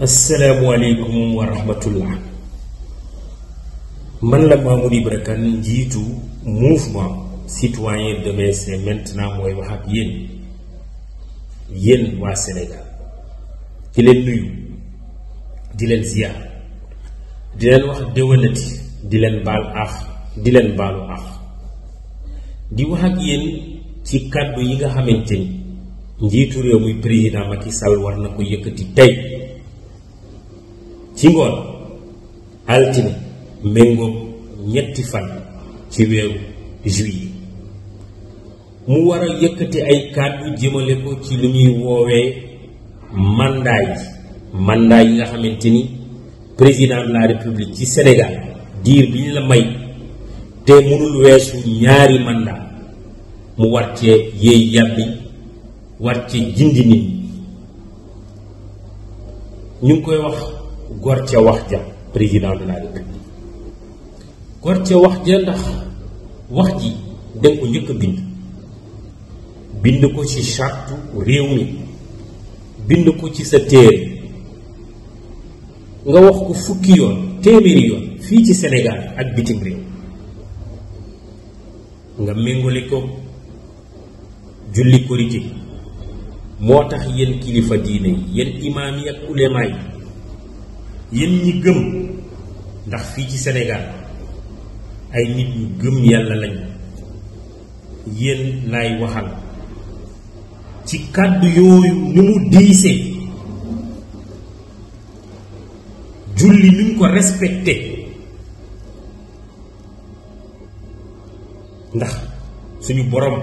asalaamualeykum wa rahmatullah man la Mamour Ibra Kane njiitu mouvement citoyen demain c'est maintenant mooy wax ak yéen yéen waa Sénégal di leen nuyu di leen ziyaar di leen wax déwénati di leen baal ax di leen baalu ax di wax ak yéen ci kàddu yi nga xamante ni njiitu réew mi président Macky Sall war na ko yëkkati tey ci ngoon altine méngoog ñetti fan ci weeru juillet mu war a yëkkati ay kàddu jëmale ko ci lu ñuy woowee mandat yi mandat yi nga xamante ni président de la république ci Sénégal diir bi ñu la may te mënul weesu ñaari mandat mu war cee yéey yàbbi war cee jindi nit ñu ngi koy wax gor ca wax ja président de la république gor ca wax ja ndax wax ji da ko njëkk bind bind ko ci charte réew mi bind ko ci sa téere nga wax ko fukki yoon téeméeri yoon fii ci Sénégal ak bitim réew nga méngale ko julli korité moo tax yéen kilifa diine yi yéen imaam yi ak ulemaa yéen ñi gëm ndax fii ci senegaal ay nit ñu gëm yàlla lañu yéen laay waxal ci kàddu yooyu ni mu diisee julli ni mu ko respecté ndax suñu boroom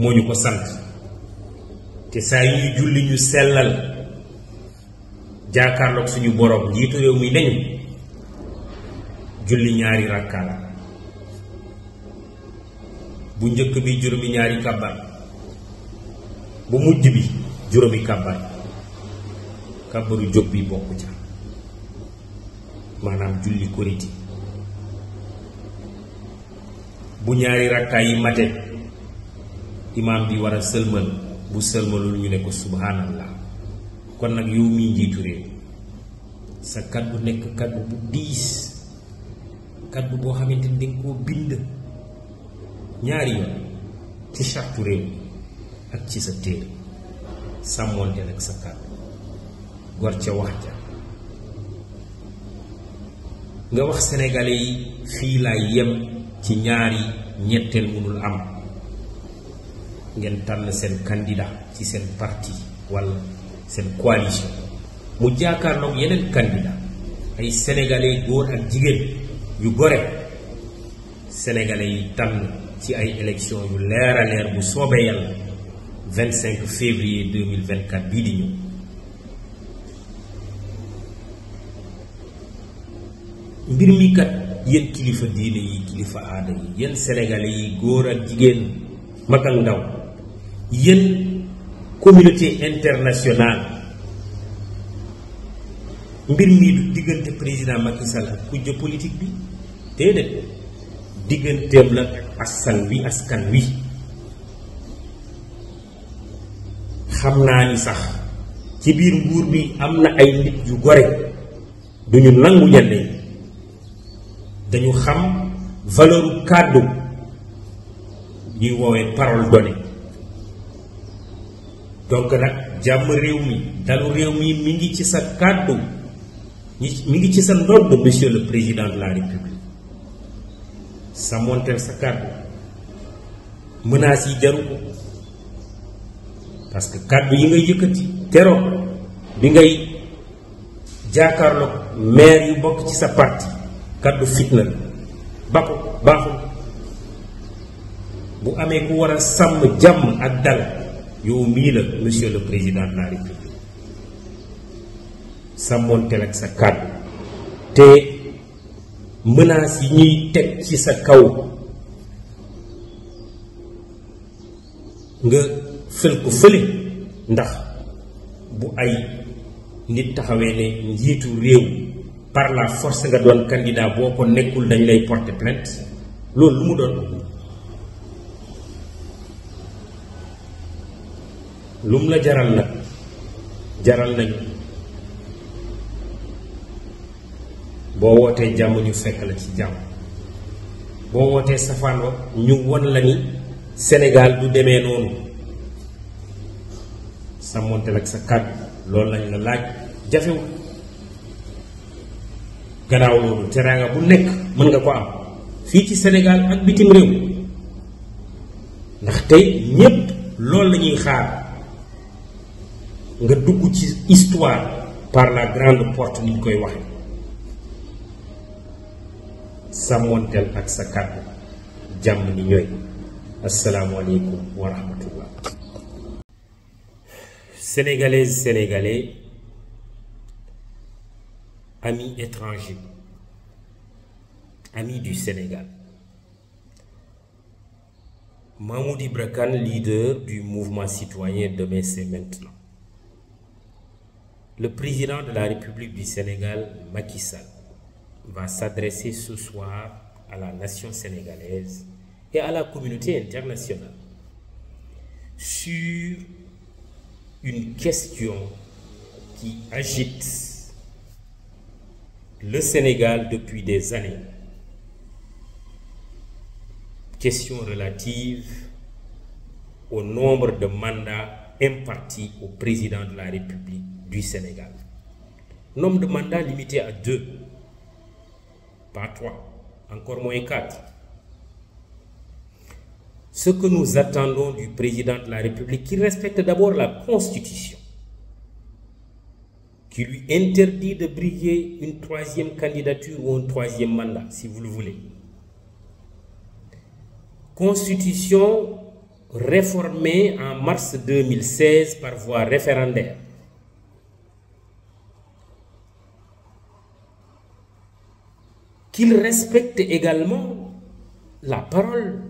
moo ñu ko sant te saa yuy julli ñu sellal jaakaarloog suñu boroom njiitu réew mi nañu julli ñaari rakkaat bu njëkk bi juróomi ñaari kàbbar bu mujj bi juróomi kàbbar kàbbaru jóg bi bokk ca maanaam julli koriti bu ñaari rakkaat yi mate imaam bi war a sëlmal bu sëlmalul ñu ne ko subhanallah kon nag yow mii njiitu réew sa kaddu nekk kaddu bu diis kaddu boo xamante ni dañ koo bind ñaari yoon ci charte réew ak ci sa téere sàmmoonte nag sa kaddu gor ca wax ja nga wax sénégalais yi yem ci ñaari ñetteel munul am ngeen tànn seen candidat ci seen parti walla seen coalition mu jaakaarloog yeneen candidat ay sénégalais góor ak jigéen yu gore sénégalais yi tànn ci ay élection yu leer a leer bu soobee yàlla février bii di ñëw mbir mi kat yéen kilifa diine yi kilifa aada yi yéen sénégalais yi góor ak jigéen mag ndaw yéen communauté internationale mbir mii du diggante président Macky Sall ak kujje politique bi déedéet digganteem la askan wi askan wi xam naa ni sax ci biir nguur bi am na ay nit yu gore du ñu nangu ñenn dañu xam valeur kàddu ñuy woowee parole donnée donc nag jàmm réew mi dalu réew mi mi ngi ci sa kàddu mi ngi ci sa ndodd monsieur le président de la république sa monteel sa kàddu menaces yi jaru ko parce que kàddu yi ngay yëkkati teroo bi ngay jaakaarloog maire yu bokk ci sa parti kàddu fitna ba ko baaxul bu amee ku war a sàmm jàmm ak dal yow mii la monsieur le président de la république sàmmonteel ak sa kàddu te menaces yi ñuy teg ci sa kaw nga fël ko fële ndax bu ay nit taxawee ne njiitu réew par la force nga doon candidat boo ko nekkul dañ lay porter plainte loolu lu mu doon lum la jaral nag jaral nañ boo wootee jàmm ñu fekk la ci jàmm boo wootee safaan ñu won la ni Sénégal du demee noonu sàmmoonte nag sa kàddu loolu lañ la laaj jafewu gannaaw loolu teraanga bu nekk mën nga ko am fii ci senegaal ak bitim réew ndax tey ñépp loolu lañuy xaar nga dugg ci histoire par la grande porte ni ñu koy waxe sàmmoonteel ak sa kàddu jàmm ni ñooy asalaamualeykum wa rahmatullah sénégalaises sénégalais amis étrangers amis du Sénégal Mamoud Ibra leader du mouvement citoyen Demain c'est maintenant Le président de la République du Sénégal, Macky Sall, va s'adresser ce soir à la nation sénégalaise et à la communauté internationale sur une question qui agite le Sénégal depuis des années. Question relative au nombre de mandats impartis au président de la République du Sénégal. Nombre de mandats limité à 2, pas 3, encore moins 4. Ce que nous attendons du président de la République, qui respecte d'abord la Constitution, qui lui interdit de briller une troisième candidature ou un troisième mandat, si vous le voulez. Constitution réformée en mars 2016 par voie référendaire qu'il respecte également la parole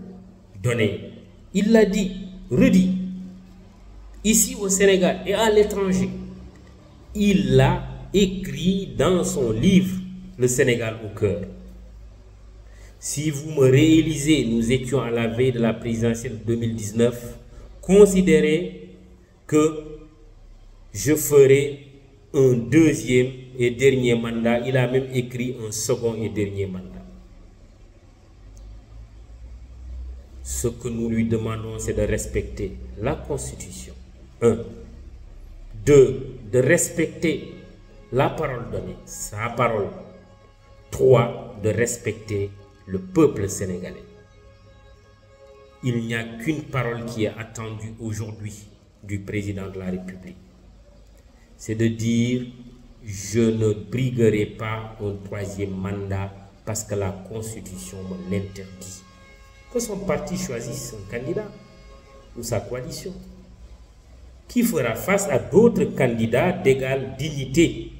donnée. Il l'a dit, redit, ici au Sénégal et à l'étranger. Il l'a écrit dans son livre Le Sénégal au cœur. Si vous me réalisez, nous étions à la veille de la présidentielle 2019, considérez que je ferai un deuxième et dernier mandat. Il a même écrit un second et dernier mandat. Ce que nous lui demandons, c'est de respecter la Constitution. de respecter la parole donnée, sa parole. Trois, de respecter le peuple sénégalais. Il n'y a qu'une parole qui est attendue aujourd'hui du président de la République c'est de dire je ne briguerai pas un troisième mandat parce que la Constitution me l'interdit. Que son parti choisisse son candidat ou sa coalition qui fera face à d'autres candidats d'égale dignité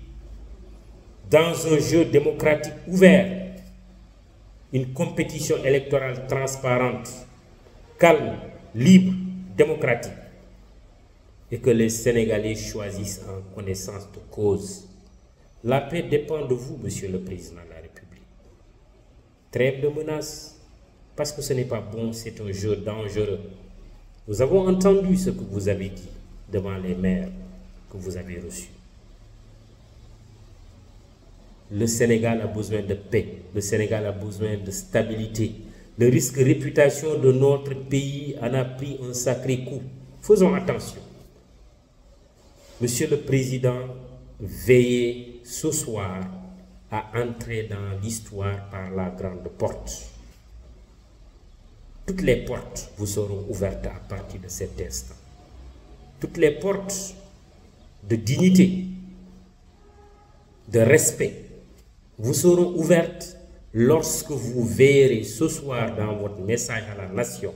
dans un jeu démocratique ouvert, une compétition électorale transparente, calme, libre, démocratique. et que les Sénégalais choisissent en connaissance de cause. La paix dépend de vous, Monsieur le Président de la République. Trêve de menaces, parce que ce n'est pas bon, c'est un jeu dangereux. Nous avons entendu ce que vous avez dit devant les maires que vous avez reçus. Le Sénégal a besoin de paix, le Sénégal a besoin de stabilité. Le risque réputation de notre pays en a pris un sacré coup. Faisons attention. Monsieur le Président, veillez ce soir à entrer dans l'histoire par la grande porte. Toutes les portes vous seront ouvertes à partir de cet instant. Toutes les portes de dignité, de respect, vous seront ouvertes lorsque vous verrez ce soir dans votre message à la nation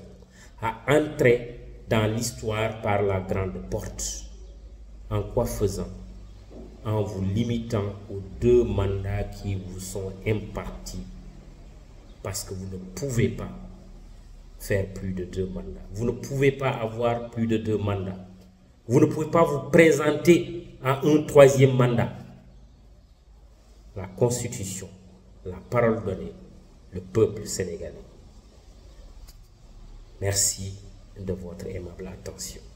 à entrer dans l'histoire par la grande porte. En quoi faisant En vous limitant aux deux mandats qui vous sont impartis. Parce que vous ne pouvez pas faire plus de deux mandats. Vous ne pouvez pas avoir plus de deux mandats. Vous ne pouvez pas vous présenter à un troisième mandat. La Constitution, la parole donnée, le peuple sénégalais. Merci de votre aimable attention.